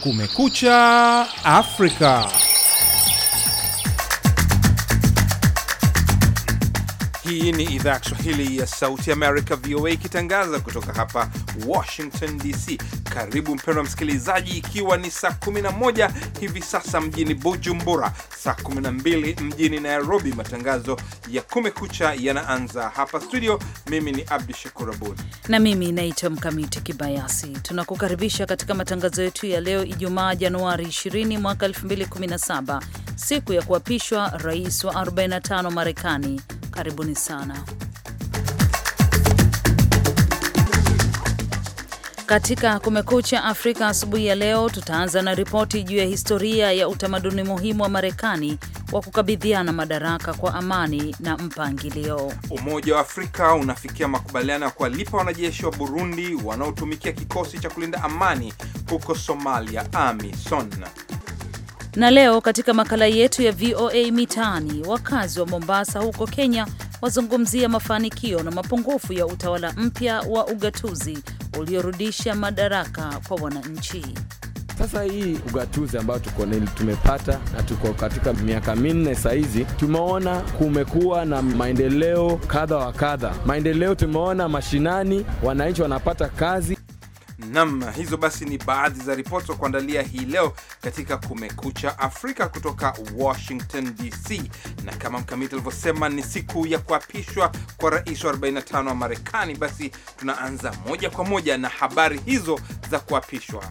Kumekucha Afrika. Hii ni idhaa ya Kiswahili ya Sauti Amerika, VOA, ikitangaza kutoka hapa Washington DC. Karibu mpendwa msikilizaji, ikiwa ni saa 11 hivi sasa mjini Bujumbura, saa 12 mjini Nairobi. Matangazo ya Kumekucha yanaanza hapa studio. Mimi ni Abdu Shakur Abud na mimi naitwa Mkamiti Kibayasi. Tunakukaribisha katika matangazo yetu ya leo Ijumaa, Januari 20 mwaka 2017, siku ya kuapishwa rais wa 45 Marekani Karibuni sana. Katika Kumekucha Afrika asubuhi ya leo, tutaanza na ripoti juu ya historia ya utamaduni muhimu wa Marekani wa kukabidhiana madaraka kwa amani na mpangilio. Umoja wa Afrika unafikia makubaliano ya kuwalipa wanajeshi wa Burundi wanaotumikia kikosi cha kulinda amani huko Somalia, AMISON. Na leo katika makala yetu ya VOA Mitaani, wakazi wa Mombasa huko Kenya wazungumzia mafanikio na mapungufu ya utawala mpya wa ugatuzi uliorudisha madaraka kwa wananchi. Sasa hii ugatuzi ambayo tuko tumepata na tuko katika miaka minne sahizi, tumeona kumekuwa na maendeleo kadha wa kadha. Maendeleo tumeona mashinani, wananchi wanapata kazi, Nam, hizo basi ni baadhi za ripoti za kuandalia hii leo katika Kumekucha Afrika kutoka Washington DC. Na kama Mkamiti alivyosema, ni siku ya kuapishwa kwa rais wa 45 wa Marekani. Basi tunaanza moja kwa moja na habari hizo za kuapishwa.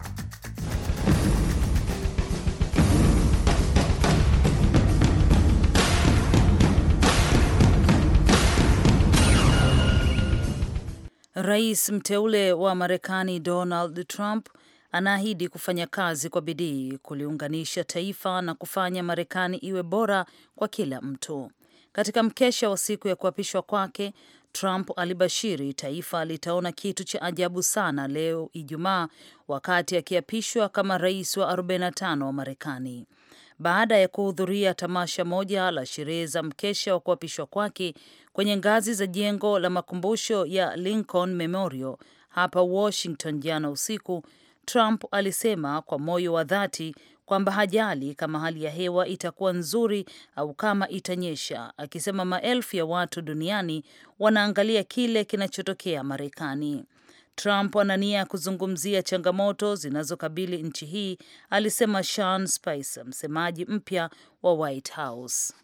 Rais mteule wa Marekani Donald Trump anaahidi kufanya kazi kwa bidii kuliunganisha taifa na kufanya Marekani iwe bora kwa kila mtu. Katika mkesha wa siku ya kuapishwa kwake, Trump alibashiri taifa litaona kitu cha ajabu sana leo Ijumaa, wakati akiapishwa kama rais wa 45 wa Marekani baada ya kuhudhuria tamasha moja la sherehe za mkesha wa kuapishwa kwake kwenye ngazi za jengo la makumbusho ya Lincoln Memorial hapa Washington jana usiku. Trump alisema kwa moyo wa dhati kwamba hajali kama hali ya hewa itakuwa nzuri au kama itanyesha, akisema maelfu ya watu duniani wanaangalia kile kinachotokea Marekani. Trump ana nia ya kuzungumzia changamoto zinazokabili nchi hii, alisema Sean Spicer, msemaji mpya wa White House.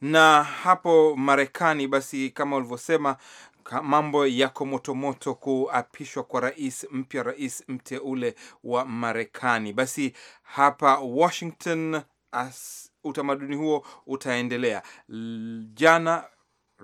Na hapo Marekani, basi kama ulivyosema mambo yako motomoto kuapishwa kwa rais mpya, rais mteule wa Marekani. Basi hapa Washington as, utamaduni huo utaendelea. Jana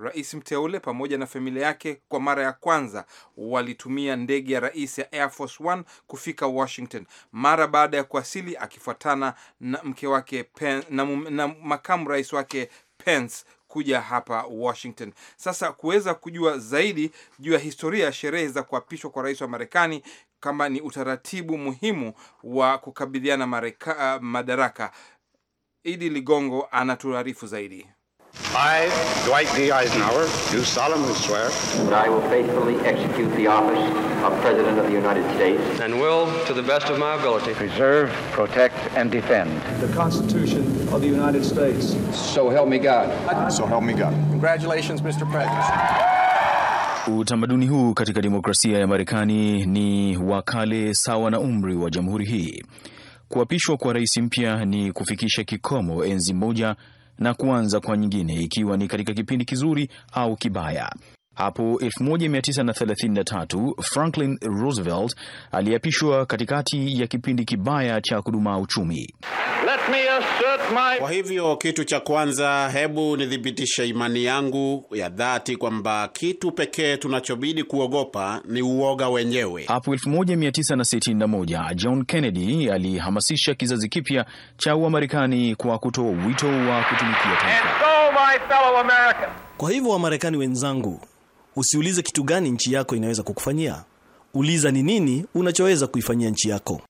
Rais mteule pamoja na familia yake kwa mara ya kwanza walitumia ndege ya rais ya Air Force One kufika Washington mara baada ya kuwasili, akifuatana na mke wake Pen, na, na makamu rais wake Pence kuja hapa Washington. Sasa kuweza kujua zaidi juu ya historia ya sherehe za kuapishwa kwa rais wa Marekani, kama ni utaratibu muhimu wa kukabidhiana madaraka, Idi Ligongo anatuarifu zaidi. I, Dwight D. Eisenhower, do solemnly swear that I will faithfully execute the office of President of the United States and will, to the best of my ability, preserve, protect, and defend the Constitution of the United States. So help me God. So help me God. Congratulations, Mr. President. Utamaduni huu katika demokrasia ya Marekani ni wa kale sawa na umri wa jamhuri hii. Kuapishwa kwa rais mpya ni kufikisha kikomo enzi moja na kuanza kwa nyingine, ikiwa ni katika kipindi kizuri au kibaya. Hapo 1933 Franklin Roosevelt aliapishwa katikati ya kipindi kibaya cha kudumaa uchumi. Let me assert my... Kwa hivyo kitu cha kwanza, hebu nithibitishe imani yangu ya dhati kwamba kitu pekee tunachobidi kuogopa ni uoga wenyewe. Hapo 1961 John Kennedy alihamasisha kizazi kipya cha Wamarekani kwa kutoa wito wa kutumikia taifa. So, Kwa hivyo Wamarekani wenzangu Usiulize kitu gani nchi yako inaweza kukufanyia, uliza ni nini unachoweza kuifanyia nchi yako.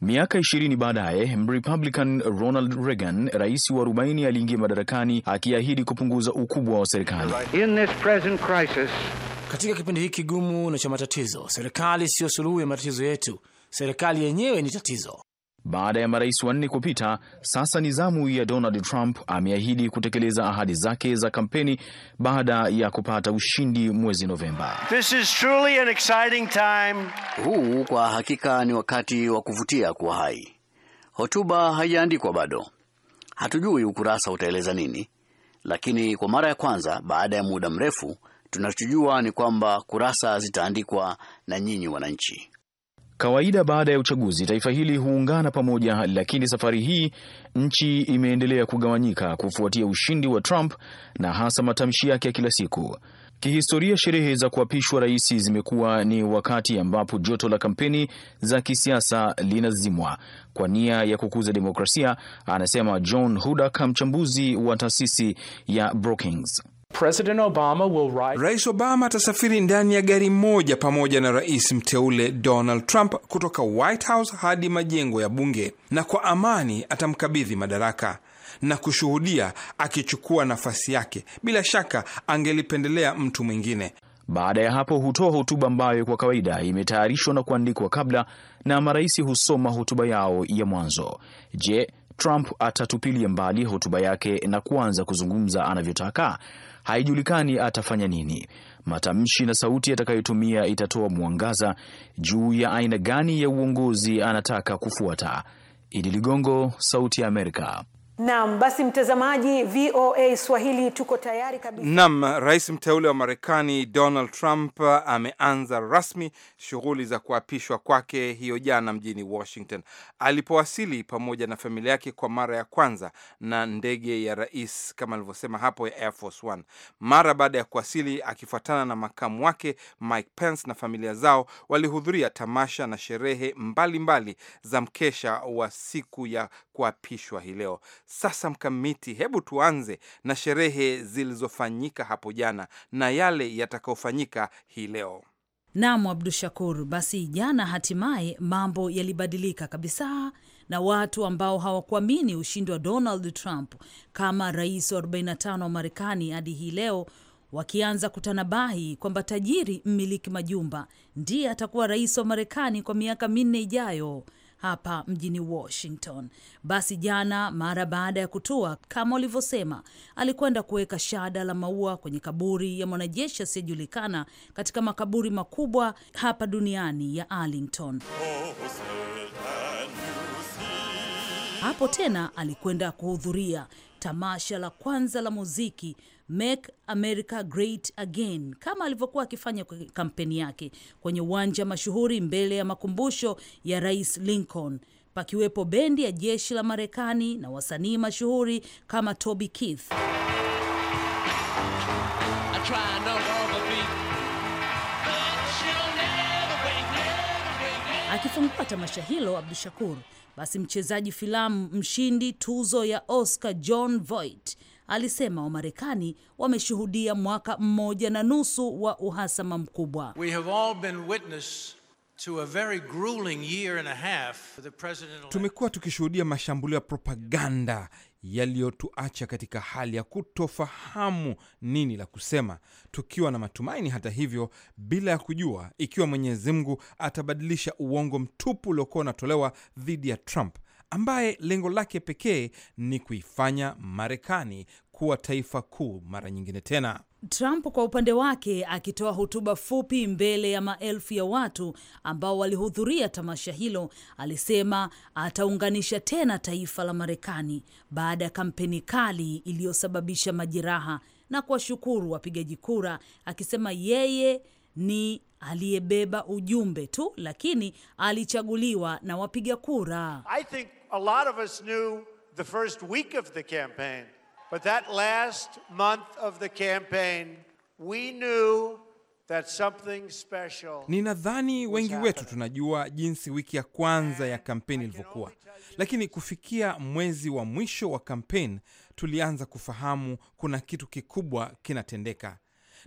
Miaka ishirini baadaye Mrepublican Ronald Reagan, rais wa 40, aliingia madarakani akiahidi kupunguza ukubwa wa serikali. In this present crisis, katika kipindi hiki kigumu na cha matatizo, serikali siyo suluhu ya matatizo yetu, serikali yenyewe ni tatizo. Baada ya marais wanne kupita, sasa ni zamu ya Donald Trump. Ameahidi kutekeleza ahadi zake za kampeni baada ya kupata ushindi mwezi Novemba. This is truly an exciting time. Huu kwa hakika ni wakati wa kuvutia kuwa hai. Hotuba haijaandikwa bado, hatujui ukurasa utaeleza nini, lakini kwa mara ya kwanza baada ya muda mrefu tunachojua ni kwamba kurasa zitaandikwa na nyinyi wananchi. Kawaida baada ya uchaguzi taifa hili huungana pamoja, lakini safari hii nchi imeendelea kugawanyika kufuatia ushindi wa Trump na hasa matamshi yake ya kila siku. Kihistoria, sherehe za kuapishwa rais zimekuwa ni wakati ambapo joto la kampeni za kisiasa linazimwa kwa nia ya kukuza demokrasia, anasema John Hudak, mchambuzi wa taasisi ya Brookings. President Obama will ride... Rais Obama atasafiri ndani ya gari moja pamoja na rais mteule Donald Trump kutoka White House hadi majengo ya bunge, na kwa amani atamkabidhi madaraka na kushuhudia akichukua nafasi yake. Bila shaka angelipendelea mtu mwingine. Baada ya hapo hutoa hotuba ambayo kwa kawaida imetayarishwa na kuandikwa kabla, na marais husoma hotuba yao ya mwanzo. Je, Trump atatupilia mbali hotuba yake na kuanza kuzungumza anavyotaka? haijulikani atafanya nini. Matamshi na sauti atakayotumia itatoa mwangaza juu ya aina gani ya uongozi anataka kufuata. Idi Ligongo, Sauti ya Amerika. Naam, basi mtazamaji, VOA Swahili tuko tayari kabisa. Naam, rais mteule wa Marekani Donald Trump ameanza rasmi shughuli za kuapishwa kwake hiyo jana mjini Washington, alipowasili pamoja na familia yake kwa mara ya kwanza na ndege ya rais kama alivyosema hapo ya Air Force One, mara baada ya kuwasili akifuatana na makamu wake Mike Pence na familia zao walihudhuria tamasha na sherehe mbalimbali mbali za mkesha wa siku ya kuapishwa hii leo. Sasa Mkamiti, hebu tuanze na sherehe zilizofanyika hapo jana na yale yatakayofanyika hii leo. Naam, Abdu Shakur, basi jana hatimaye mambo yalibadilika kabisa na watu ambao hawakuamini ushindi wa Donald Trump kama rais wa 45 wa Marekani hadi hii leo wakianza kutanabahi kwamba tajiri mmiliki majumba ndiye atakuwa rais wa Marekani kwa miaka minne ijayo hapa mjini Washington. Basi jana, mara baada ya kutua, kama ulivyosema, alikwenda kuweka shada la maua kwenye kaburi ya mwanajeshi asiyejulikana katika makaburi makubwa hapa duniani ya Arlington. Hapo tena alikwenda kuhudhuria tamasha la kwanza la muziki Make America Great Again, kama alivyokuwa akifanya kampeni yake kwenye uwanja mashuhuri mbele ya makumbusho ya Rais Lincoln, pakiwepo bendi ya jeshi la Marekani na wasanii mashuhuri kama Toby Keith. Akifungua tamasha hilo Abdu Shakur, basi mchezaji filamu mshindi tuzo ya Oscar John Voight alisema Wamarekani wameshuhudia mwaka mmoja na nusu wa uhasama mkubwa. Tumekuwa tukishuhudia mashambulio ya propaganda yaliyotuacha katika hali ya kutofahamu nini la kusema, tukiwa na matumaini hata hivyo, bila ya kujua ikiwa Mwenyezi Mungu atabadilisha uongo mtupu uliokuwa unatolewa dhidi ya Trump ambaye lengo lake pekee ni kuifanya Marekani kuwa taifa kuu mara nyingine tena. Trump kwa upande wake akitoa hotuba fupi mbele ya maelfu ya watu ambao walihudhuria tamasha hilo, alisema ataunganisha tena taifa la Marekani baada ya kampeni kali iliyosababisha majeraha na kuwashukuru wapigaji kura, akisema yeye ni aliyebeba ujumbe tu, lakini alichaguliwa na wapiga kura. I think a lot of us knew the first week of the campaign, but that last month of the campaign, we knew that something special. Ninadhani wengi wetu tunajua jinsi wiki ya kwanza ya kampeni ilivyokuwa, lakini kufikia mwezi wa mwisho wa kampeni tulianza kufahamu kuna kitu kikubwa kinatendeka.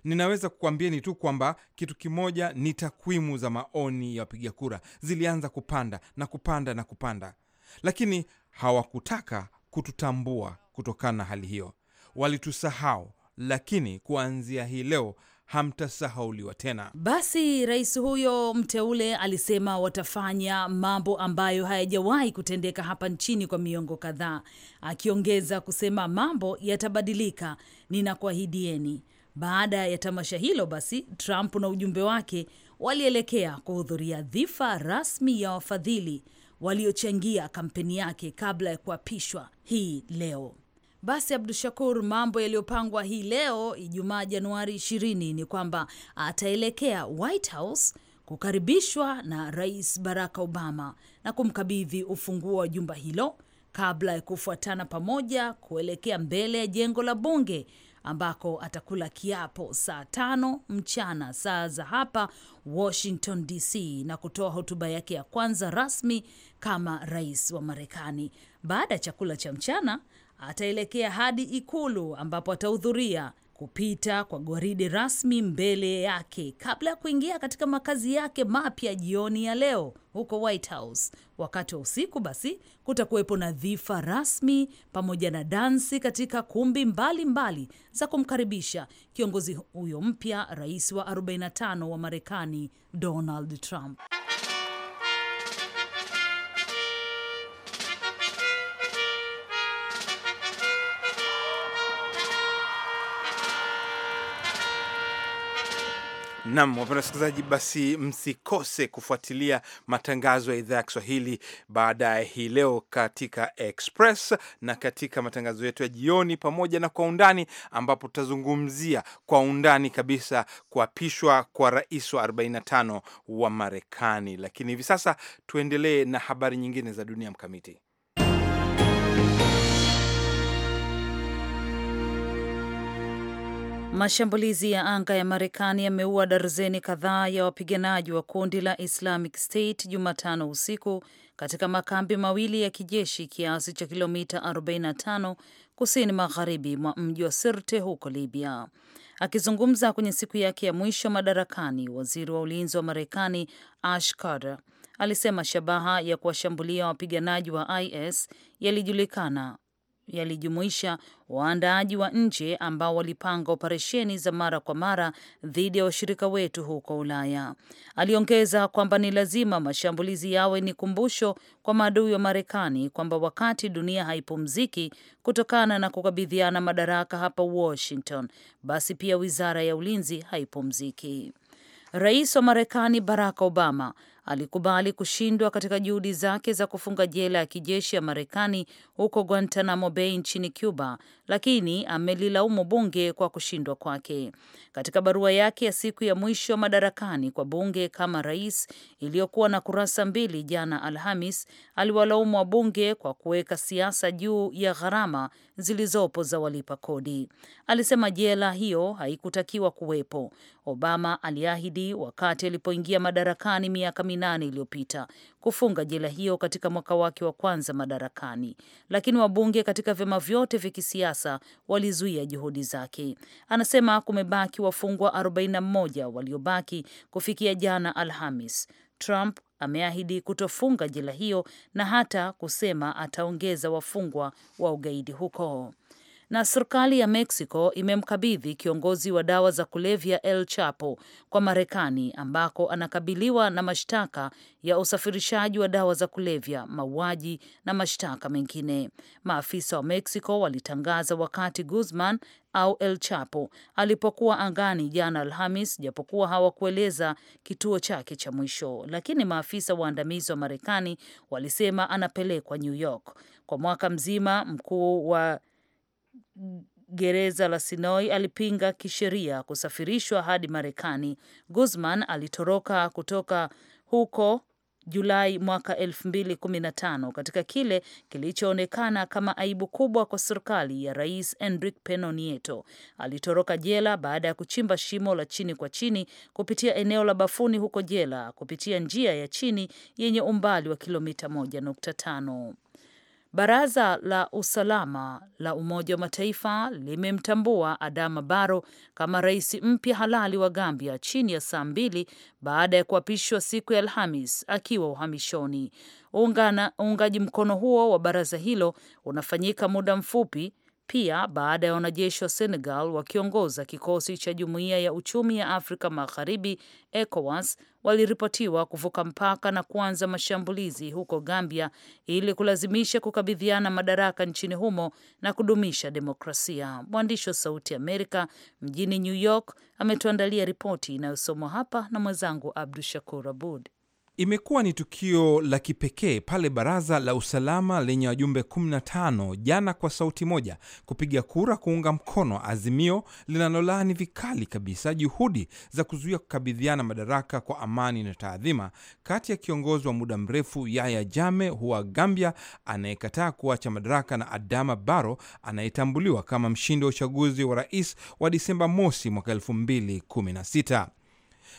Ninaweza ni tu kwamba kitu kimoja ni takwimu za maoni ya wapiga kura zilianza kupanda na kupanda na kupanda lakini hawakutaka kututambua. Kutokana na hali hiyo, walitusahau, lakini kuanzia hii leo hamtasahauliwa tena. Basi rais huyo mteule alisema watafanya mambo ambayo hayajawahi kutendeka hapa nchini kwa miongo kadhaa, akiongeza kusema mambo yatabadilika, ninakuahidieni. Baada ya tamasha hilo, basi Trump na ujumbe wake walielekea kuhudhuria dhifa rasmi ya wafadhili waliochangia kampeni yake kabla ya kuapishwa hii leo. Basi Abdu Shakur, mambo yaliyopangwa hii leo Ijumaa Januari 20 ni kwamba ataelekea White House kukaribishwa na Rais Barack Obama na kumkabidhi ufunguo wa jumba hilo kabla ya kufuatana pamoja kuelekea mbele ya jengo la bunge ambako atakula kiapo saa tano mchana saa za hapa Washington DC na kutoa hotuba yake ya kwanza rasmi kama rais wa Marekani. Baada ya chakula cha mchana, ataelekea hadi Ikulu ambapo atahudhuria kupita kwa gwaridi rasmi mbele yake kabla ya kuingia katika makazi yake mapya jioni ya leo huko White House. Wakati wa usiku basi kutakuwepo na dhifa rasmi pamoja na dansi katika kumbi mbalimbali mbali za kumkaribisha kiongozi huyo mpya, rais wa 45 wa Marekani Donald Trump. Nam, wapenda wasikilizaji, basi msikose kufuatilia matangazo ya idhaa ya Kiswahili baadaye hii leo katika Express na katika matangazo yetu ya jioni, pamoja na Kwa Undani, ambapo tutazungumzia kwa undani kabisa kuapishwa kwa rais wa 45 wa Marekani. Lakini hivi sasa tuendelee na habari nyingine za dunia. Mkamiti Mashambulizi ya anga ya Marekani yameua darzeni kadhaa ya wapiganaji wa kundi la Islamic State Jumatano usiku katika makambi mawili ya kijeshi kiasi cha kilomita 45 kusini magharibi mwa mji wa Sirte huko Libya. Akizungumza kwenye siku yake ya mwisho madarakani, waziri wa ulinzi wa Marekani Ash Carter alisema shabaha ya kuwashambulia wapiganaji wa IS yalijulikana yalijumuisha waandaaji wa nje ambao walipanga operesheni za mara kwa mara dhidi ya washirika wetu huko Ulaya. Aliongeza kwamba ni lazima mashambulizi yawe ni kumbusho kwa maadui wa Marekani kwamba wakati dunia haipumziki kutokana na kukabidhiana madaraka hapa Washington, basi pia wizara ya ulinzi haipumziki. Rais wa Marekani Barack Obama alikubali kushindwa katika juhudi zake za kufunga jela ya kijeshi ya Marekani huko Guantanamo Bay nchini Cuba, lakini amelilaumu bunge kwa kushindwa kwake. Katika barua yake ya siku ya mwisho madarakani kwa bunge kama rais iliyokuwa na kurasa mbili, jana Alhamis, aliwalaumu bunge kwa kuweka siasa juu ya gharama zilizopo za walipa kodi. Alisema jela hiyo haikutakiwa kuwepo. Obama aliahidi wakati alipoingia madarakani miaka minane iliyopita kufunga jela hiyo katika mwaka wake wa kwanza madarakani, lakini wabunge katika vyama vyote vya kisiasa walizuia juhudi zake. Anasema kumebaki wafungwa 41 waliobaki kufikia jana Alhamis. Trump ameahidi kutofunga jela hiyo na hata kusema ataongeza wafungwa wa ugaidi huko na serikali ya Mexico imemkabidhi kiongozi wa dawa za kulevya El Chapo kwa Marekani ambako anakabiliwa na mashtaka ya usafirishaji wa dawa za kulevya, mauaji na mashtaka mengine. Maafisa wa Mexico walitangaza wakati Guzman au El Chapo alipokuwa angani jana Alhamis, japokuwa hawakueleza kituo chake cha mwisho, lakini maafisa waandamizi wa Marekani walisema anapelekwa New York kwa mwaka mzima. Mkuu wa gereza la Sinoi alipinga kisheria kusafirishwa hadi Marekani. Guzman alitoroka kutoka huko Julai mwaka 2015 katika kile kilichoonekana kama aibu kubwa kwa serikali ya Rais Enrique Pena Nieto. Alitoroka jela baada ya kuchimba shimo la chini kwa chini kupitia eneo la bafuni huko jela kupitia njia ya chini yenye umbali wa kilomita 1.5. Baraza la Usalama la Umoja wa Mataifa limemtambua Adama Barrow kama rais mpya halali wa Gambia chini ya saa mbili baada ya kuapishwa siku ya Alhamis akiwa uhamishoni. Uungaji mkono huo wa baraza hilo unafanyika muda mfupi pia baada ya wanajeshi wa Senegal wakiongoza kikosi cha Jumuiya ya Uchumi ya Afrika Magharibi ECOWAS waliripotiwa kuvuka mpaka na kuanza mashambulizi huko Gambia ili kulazimisha kukabidhiana madaraka nchini humo na kudumisha demokrasia. Mwandishi wa Sauti Amerika mjini New York ametuandalia ripoti inayosomwa hapa na mwenzangu Abdu Shakur Abud. Imekuwa ni tukio la kipekee pale baraza la usalama lenye wajumbe 15 jana kwa sauti moja kupiga kura kuunga mkono azimio linalolaani vikali kabisa juhudi za kuzuia kukabidhiana madaraka kwa amani na taadhima kati ya kiongozi wa muda mrefu yaya jame huwa Gambia anayekataa kuacha madaraka na Adama baro anayetambuliwa kama mshindi wa uchaguzi wa rais wa Disemba mosi mwaka 2016.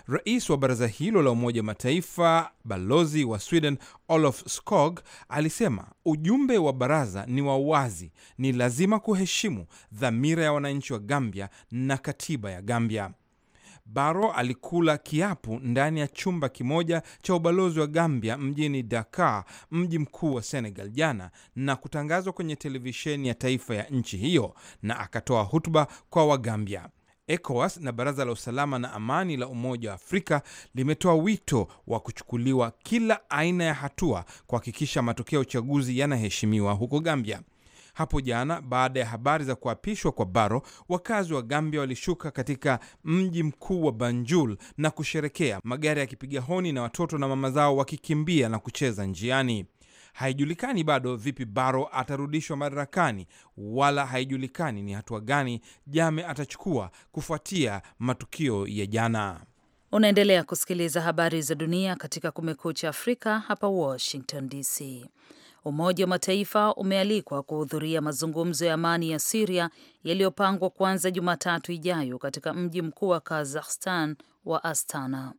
Rais wa baraza hilo la Umoja Mataifa, balozi wa Sweden Olof Skog alisema ujumbe wa baraza ni wa wazi, ni lazima kuheshimu dhamira ya wananchi wa Gambia na katiba ya Gambia. Baro alikula kiapu ndani ya chumba kimoja cha ubalozi wa Gambia mjini Dakar, mji mkuu wa Senegal jana, na kutangazwa kwenye televisheni ya taifa ya nchi hiyo, na akatoa hutuba kwa Wagambia. ECOWAS na Baraza la Usalama na Amani la Umoja wa Afrika limetoa wito wa kuchukuliwa kila aina ya hatua kuhakikisha matokeo ya uchaguzi yanaheshimiwa huko Gambia. Hapo jana baada ya habari za kuapishwa kwa baro wakazi wa Gambia walishuka katika mji mkuu wa Banjul na kusherekea, magari yakipiga honi na watoto na mama zao wakikimbia na kucheza njiani. Haijulikani bado vipi baro atarudishwa madarakani, wala haijulikani ni hatua gani Jame atachukua kufuatia matukio ya jana. Unaendelea kusikiliza habari za dunia katika Kumekucha Afrika, hapa Washington DC. Umoja wa Mataifa umealikwa kuhudhuria mazungumzo ya amani ya Siria yaliyopangwa kuanza Jumatatu ijayo katika mji mkuu wa Kazakhstan wa Astana.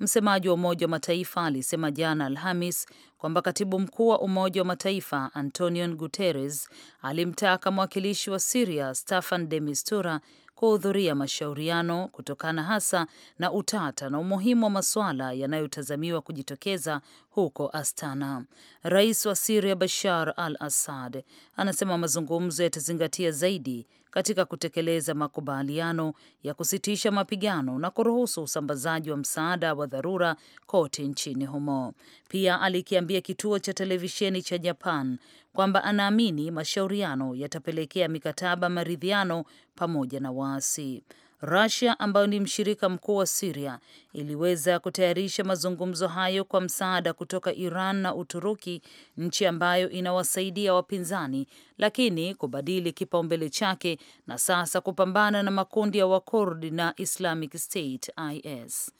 Msemaji wa Umoja wa Mataifa alisema jana Alhamis kwamba katibu mkuu wa Umoja wa Mataifa Antonio Guterres alimtaka mwakilishi wa Siria Staffan de Mistura kuhudhuria mashauriano kutokana hasa na utata na umuhimu wa masuala yanayotazamiwa kujitokeza huko Astana. Rais wa Siria Bashar al Assad anasema mazungumzo yatazingatia zaidi katika kutekeleza makubaliano ya kusitisha mapigano na kuruhusu usambazaji wa msaada wa dharura kote nchini humo. Pia alikiambia kituo cha televisheni cha Japan kwamba anaamini mashauriano yatapelekea mikataba maridhiano pamoja na waasi rasia ambayo ni mshirika mkuu wa siria iliweza kutayarisha mazungumzo hayo kwa msaada kutoka Iran na Uturuki, nchi ambayo inawasaidia wapinzani, lakini kubadili kipaumbele chake na sasa kupambana na makundi ya Wakurdi na Islamic State IS.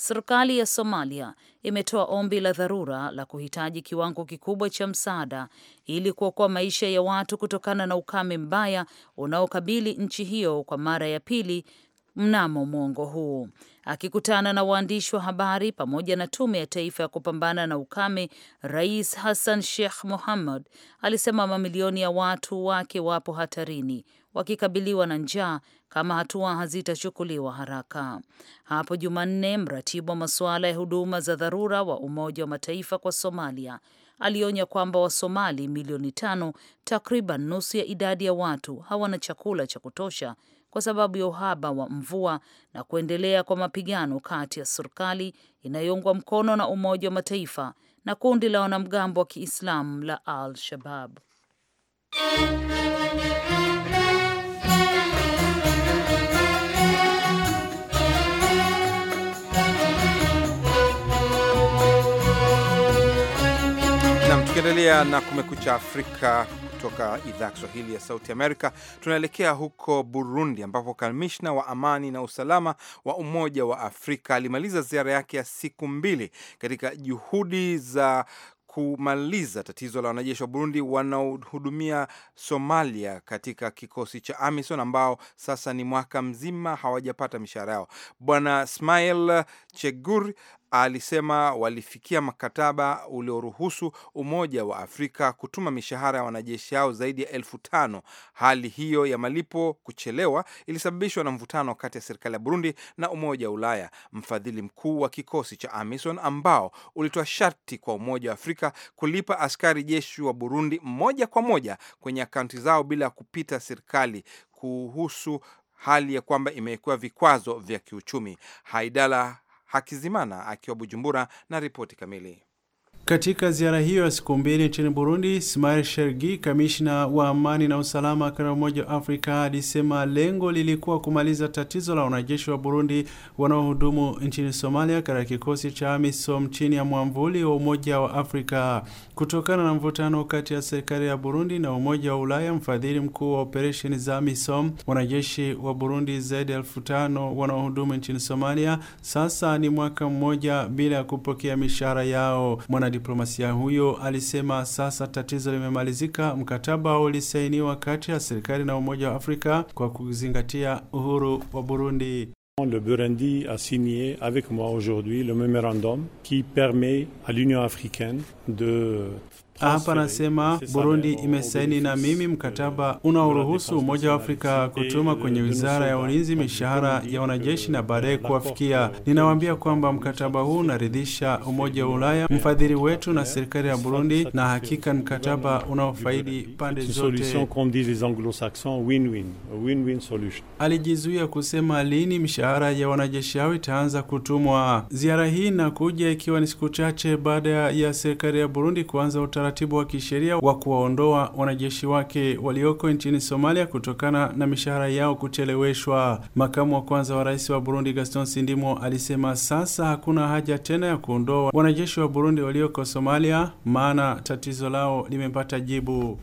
Serikali ya Somalia imetoa ombi la dharura la kuhitaji kiwango kikubwa cha msaada ili kuokoa maisha ya watu kutokana na ukame mbaya unaokabili nchi hiyo kwa mara ya pili mnamo mwongo huu. Akikutana na waandishi wa habari pamoja na tume ya taifa ya kupambana na ukame, Rais Hassan Sheikh Mohamud alisema mamilioni ya watu wake wapo hatarini wakikabiliwa na njaa kama hatua hazitachukuliwa haraka. Hapo Jumanne, mratibu wa masuala ya huduma za dharura wa Umoja wa Mataifa kwa Somalia alionya kwamba Wasomali milioni tano, takriban nusu ya idadi ya watu, hawana chakula cha kutosha kwa sababu ya uhaba wa mvua na kuendelea kwa mapigano kati ya serikali inayoungwa mkono na Umoja wa Mataifa na kundi la wanamgambo wa Kiislamu la Al-Shabab. Tukiendelea na Kumekucha Afrika kutoka idhaa ya Kiswahili ya Sauti Amerika, tunaelekea huko Burundi ambapo kamishna wa amani na usalama wa Umoja wa Afrika alimaliza ziara yake ya siku mbili katika juhudi za kumaliza tatizo la wanajeshi wa Burundi wanaohudumia Somalia katika kikosi cha AMISON ambao sasa ni mwaka mzima hawajapata mishahara yao. Bwana Smail Chegur alisema walifikia mkataba ulioruhusu Umoja wa Afrika kutuma mishahara ya wanajeshi hao zaidi ya elfu tano. Hali hiyo ya malipo kuchelewa ilisababishwa na mvutano kati ya serikali ya Burundi na Umoja wa Ulaya, mfadhili mkuu wa kikosi cha AMISON ambao ulitoa sharti kwa Umoja wa Afrika kulipa askari jeshi wa Burundi moja kwa moja kwenye akaunti zao bila ya kupita serikali kuhusu hali ya kwamba imewekewa vikwazo vya kiuchumi. Haidala Hakizimana akiwa Bujumbura na ripoti kamili. Katika ziara hiyo ya siku mbili nchini Burundi, Smail Shergi, kamishna wa amani na usalama katika Umoja wa Afrika, alisema lengo lilikuwa kumaliza tatizo la wanajeshi wa Burundi wanaohudumu nchini Somalia katika kikosi cha AMISOM chini ya mwamvuli wa Umoja wa Afrika. Kutokana na mvutano kati ya serikali ya Burundi na Umoja wa Ulaya, mfadhili mkuu wa operesheni za AMISOM, wanajeshi wa Burundi zaidi ya elfu tano wanaohudumu nchini Somalia sasa ni mwaka mmoja bila ya kupokea mishahara yao Mwana diplomasia huyo alisema sasa tatizo limemalizika. Mkataba ulisainiwa kati ya serikali na Umoja wa Afrika kwa kuzingatia uhuru wa Burundi. Le Burundi a signé avec moi aujourd'hui le memorandum qui permet à l'Union africaine de hapa anasema Burundi imesaini na mimi mkataba unaoruhusu Umoja wa Afrika kutuma kwenye wizara ya ulinzi mishahara ya wanajeshi na baadaye kuwafikia. Ninawaambia kwamba mkataba huu unaridhisha Umoja wa Ulaya, mfadhili wetu na serikali ya Burundi, na hakika mkataba unaofaidi pande zote. Alijizuia kusema lini mishahara ya wanajeshi hao itaanza kutumwa. Ziara hii inakuja ikiwa ni siku chache baada ya serikali ya Burundi kuanza utaratibu utaratibu wa kisheria wa kuwaondoa wanajeshi wake walioko nchini Somalia kutokana na mishahara yao kucheleweshwa. Makamu wa kwanza wa rais wa Burundi Gaston Sindimo alisema sasa hakuna haja tena ya kuondoa wanajeshi wa Burundi walioko Somalia, maana tatizo lao limepata jibu.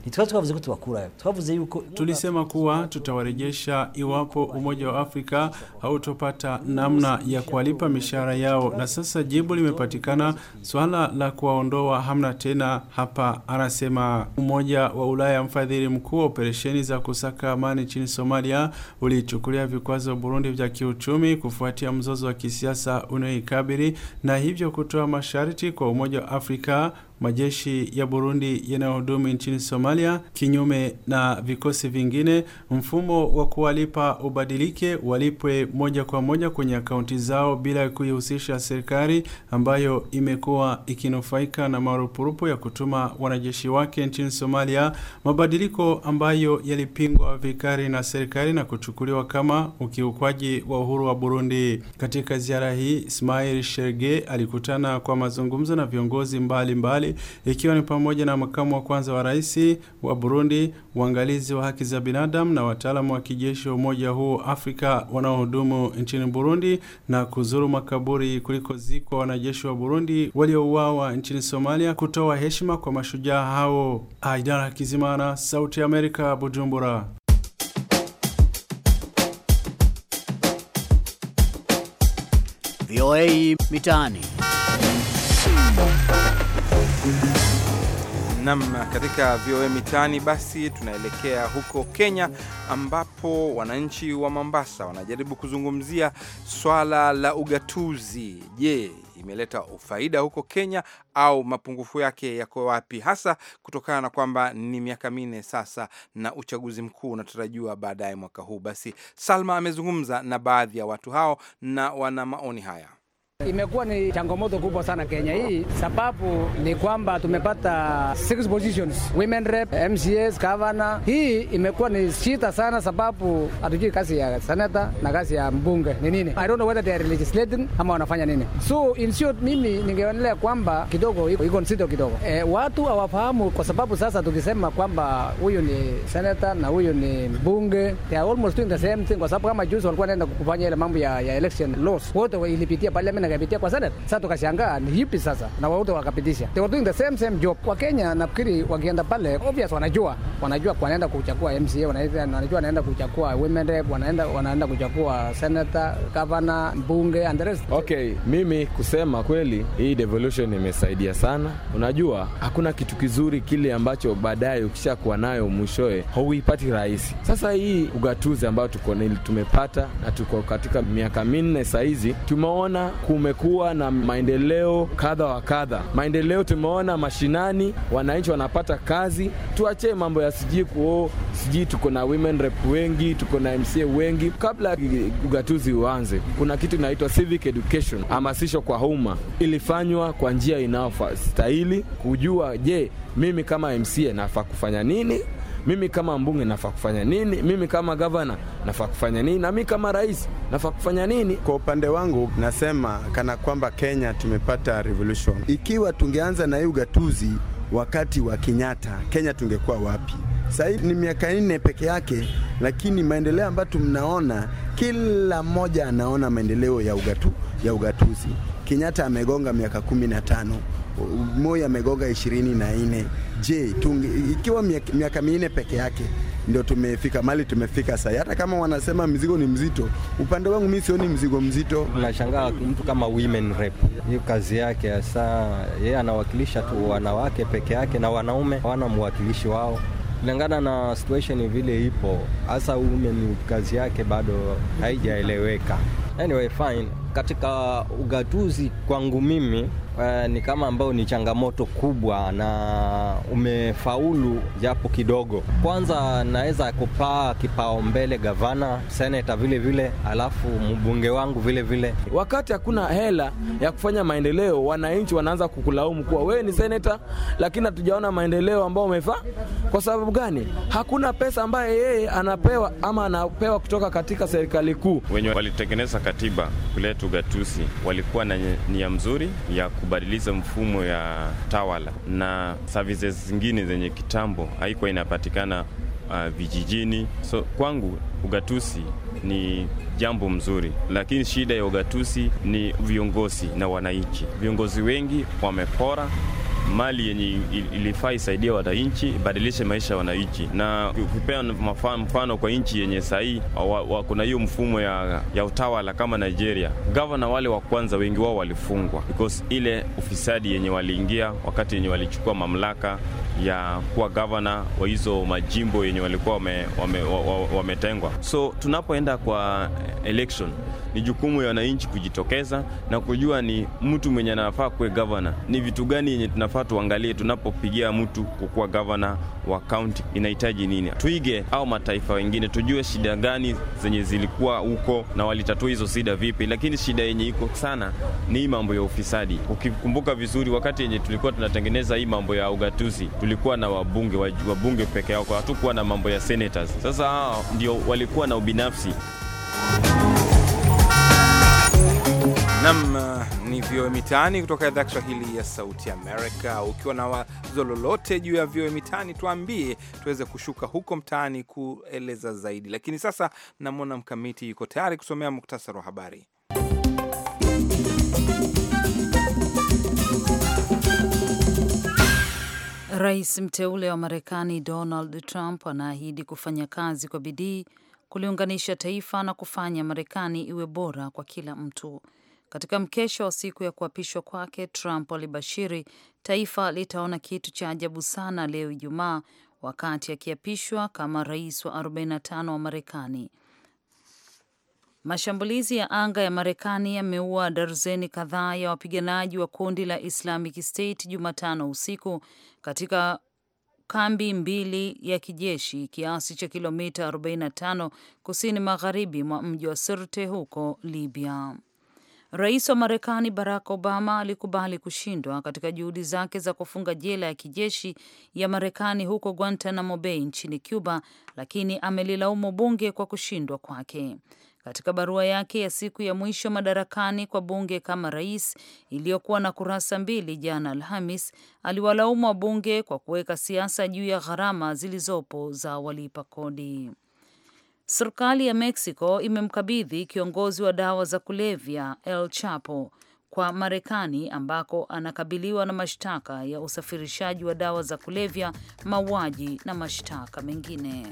Tulisema kuwa tutawarejesha iwapo Umoja wa Afrika hautopata namna ya kuwalipa mishahara yao, na sasa jibu limepatikana. Swala la kuwaondoa hamna tena hapa hapa anasema Umoja wa Ulaya, mfadhili mkuu wa operesheni za kusaka amani nchini Somalia, uliichukulia vikwazo Burundi vya kiuchumi kufuatia mzozo wa kisiasa unaoikabili na hivyo kutoa masharti kwa Umoja wa Afrika majeshi ya Burundi yanayohudumu nchini Somalia kinyume na vikosi vingine, mfumo wa kuwalipa ubadilike, walipwe moja kwa moja kwenye akaunti zao bila kuihusisha serikali ambayo imekuwa ikinufaika na marupurupu ya kutuma wanajeshi wake nchini Somalia, mabadiliko ambayo yalipingwa vikali na serikali na kuchukuliwa kama ukiukwaji wa uhuru wa Burundi. Katika ziara hii, Ismail Sherge alikutana kwa mazungumzo na viongozi mbalimbali mbali mbalimbali ikiwa ni pamoja na makamu wa kwanza wa rais wa Burundi, uangalizi wa haki za binadamu na wataalamu wa kijeshi wa umoja huu Afrika wanaohudumu nchini Burundi na kuzuru makaburi kulikozikwa wanajeshi wa Burundi waliouawa nchini Somalia, kutoa heshima kwa mashujaa hao. Aidara Kizimana, Sauti ya Amerika, Bujumbura. VOA Mitaani. Nam, katika VOA Mitaani basi tunaelekea huko Kenya, ambapo wananchi wa Mombasa wanajaribu kuzungumzia swala la ugatuzi. Je, imeleta ufaida huko Kenya au mapungufu yake yako wapi, hasa kutokana na kwamba ni miaka minne sasa na uchaguzi mkuu unatarajiwa baadaye mwaka huu? Basi Salma amezungumza na baadhi ya watu hao na wana maoni haya. Imekuwa ni changamoto kubwa sana Kenya hii, sababu ni kwamba tumepata six positions women rep, MCS, gavana. Hii imekuwa ni shita sana, sababu hatujui kazi ya senata na kazi ya mbunge ni nini. I don't know whether they are legislating ama wanafanya nini. So in short, mimi ningeonelea kwamba kidogo iko nzito kidogo. E, watu hawafahamu kwa sababu sasa tukisema kwamba huyu ni senata na huyu ni mbunge, they are almost doing the same thing, kwa sababu kama juzi walikuwa naenda kufanya ile mambo ya, ya election laws, wote ilipitia parliament na kapitia kwa Senate. Sasa tukashangaa ni yipi sasa, na wote wakapitisha. They were doing the same same job. Kwa Kenya nafikiri wakienda pale, obvious wanajua, wanajua kwa naenda kuchagua MCA, wanajua naenda kuchagua women rep, wanaenda wanaenda kuchagua senator, governor, mbunge and the rest. Okay, mimi kusema kweli hii devolution imesaidia sana. Unajua hakuna kitu kizuri kile ambacho baadaye ukishakuwa nayo mwishowe huipati rahisi. Sasa hii ugatuzi ambayo tuko tumepata na tuko katika miaka minne hizi tumeona ku kumekuwa na maendeleo kadha wa kadha. Maendeleo tumeona mashinani, wananchi wanapata kazi. Tuache mambo ya sijui kuo, sijui tuko na women rep wengi, tuko na MCA wengi. Kabla ugatuzi uanze, kuna kitu inaitwa civic education, hamasisho kwa umma, ilifanywa kwa njia inayostahili, kujua je, mimi kama MCA nafaa kufanya nini mimi kama mbunge nafaa kufanya nini, mimi kama gavana nafaa kufanya nini, na mimi kama rais nafaa kufanya nini. Kwa upande wangu nasema kana kwamba Kenya tumepata revolution. Ikiwa tungeanza na hii ugatuzi wakati wa Kenyatta, Kenya tungekuwa wapi? Sasa ni miaka nne peke yake, lakini maendeleo ambayo mnaona, kila mmoja anaona maendeleo ya ugatu, ya ugatuzi. Kenyatta amegonga miaka kumi na tano moyo amegoga ishirini na nne. Je, ikiwa miaka minne peke yake ndio tumefika mali tumefika sasa. Hata kama wanasema mzigo ni mzito, upande wangu mimi sioni mzigo mzito. Nashangaa mtu kama women rep, hiyo kazi yake hasa, yeye anawakilisha tu wanawake peke yake, na wanaume hawana mwakilishi wao kulingana na situation vile ipo hasa. Women kazi yake bado haijaeleweka. Anyway, fine. Katika ugatuzi kwangu mimi uh, ni kama ambao ni changamoto kubwa na umefaulu japo kidogo. Kwanza naweza kupaa mbele gavana, seneta vile vile, alafu mbunge wangu vile vile. Wakati hakuna hela ya kufanya maendeleo, wananchi wanaanza kukulaumu kuwa wewe ni seneta, lakini hatujaona maendeleo ambao umefaa. Kwa sababu gani? Hakuna pesa ambaye yeye anapewa ama anapewa kutoka katika serikali kuu. Wenye walitengeneza katiba kule Tugatusi walikuwa na nia mzuri ya ku kubadilisha mfumo ya tawala na services zingine zenye kitambo haikuwa inapatikana uh, vijijini. So kwangu ugatusi ni jambo mzuri, lakini shida ya ugatusi ni viongozi na wananchi. Viongozi wengi wamepora mali yenye ilifaa isaidia wananchi, ibadilishe maisha ya wananchi, na kupea mfano kwa nchi yenye sahii kuna hiyo mfumo ya, ya utawala kama Nigeria, gavana wale wa kwanza wengi wao walifungwa because ile ufisadi yenye waliingia wakati yenye walichukua mamlaka ya kuwa gavana wa hizo majimbo yenye walikuwa wametengwa wame, wame, wame so tunapoenda kwa election ni jukumu ya wananchi kujitokeza na kujua ni mtu mwenye anafaa kuwe gavana, ni vitu gani yenye tunafaa tuangalie tunapopigia mtu kukuwa gavana wa kaunti, inahitaji nini? Tuige au mataifa wengine, tujue shida gani zenye zilikuwa huko na walitatua hizo shida vipi. Lakini shida yenye iko sana ni hii mambo ya ufisadi. Ukikumbuka vizuri, wakati yenye tulikuwa tunatengeneza hii mambo ya ugatuzi, tulikuwa na wabunge, wabunge peke yao, hatukuwa na mambo ya senators. Sasa hao ndio walikuwa na ubinafsi. Nam uh, ni vioe mitaani kutoka idhaa ya Kiswahili ya Sauti Amerika. Ukiwa na wazo lolote juu ya vyoe mitaani, tuambie tuweze kushuka huko mtaani kueleza zaidi. Lakini sasa namwona Mkamiti yuko tayari kusomea muktasari wa habari. Rais mteule wa Marekani Donald Trump anaahidi kufanya kazi kwa bidii kuliunganisha taifa na kufanya Marekani iwe bora kwa kila mtu. Katika mkesha wa siku ya kuapishwa kwake, Trump alibashiri taifa litaona kitu cha ajabu sana leo Ijumaa wakati akiapishwa kama rais wa 45 wa Marekani. Mashambulizi ya anga ya Marekani yameua darzeni kadhaa ya wapiganaji wa kundi la Islamic State Jumatano usiku katika kambi mbili ya kijeshi kiasi cha kilomita 45 kusini magharibi mwa mji wa Sirte huko Libya. Rais wa Marekani Barack Obama alikubali kushindwa katika juhudi zake za kufunga jela ya kijeshi ya Marekani huko Guantanamo Bay nchini Cuba, lakini amelilaumu bunge kwa kushindwa kwake. Katika barua yake ya siku ya mwisho madarakani kwa bunge kama rais iliyokuwa na kurasa mbili jana Alhamis, aliwalaumu wabunge kwa kuweka siasa juu ya gharama zilizopo za walipa kodi. Serikali ya Mexico imemkabidhi kiongozi wa dawa za kulevya El Chapo kwa Marekani ambako anakabiliwa na mashtaka ya usafirishaji wa dawa za kulevya, mauaji na mashtaka mengine.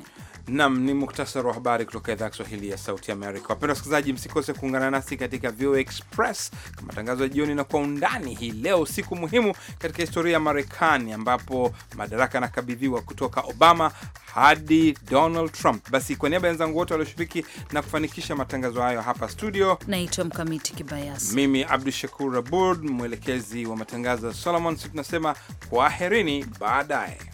Nam ni muktasari wa habari kutoka idhaa ya Kiswahili ya Sauti Amerika. Wapenda wasikilizaji, msikose kuungana nasi katika VOA Express kwa matangazo ya jioni na kwa undani hii leo, siku muhimu katika historia ya Marekani ambapo madaraka yanakabidhiwa kutoka Obama hadi Donald Trump. Basi kwa niaba ya wenzangu wote walioshiriki na kufanikisha matangazo hayo hapa studio, naitwa Mkamiti Kibayasi, mimi Abdu Shakur Abud, mwelekezi wa matangazo ya Solomon. Tunasema kwaherini, baadaye.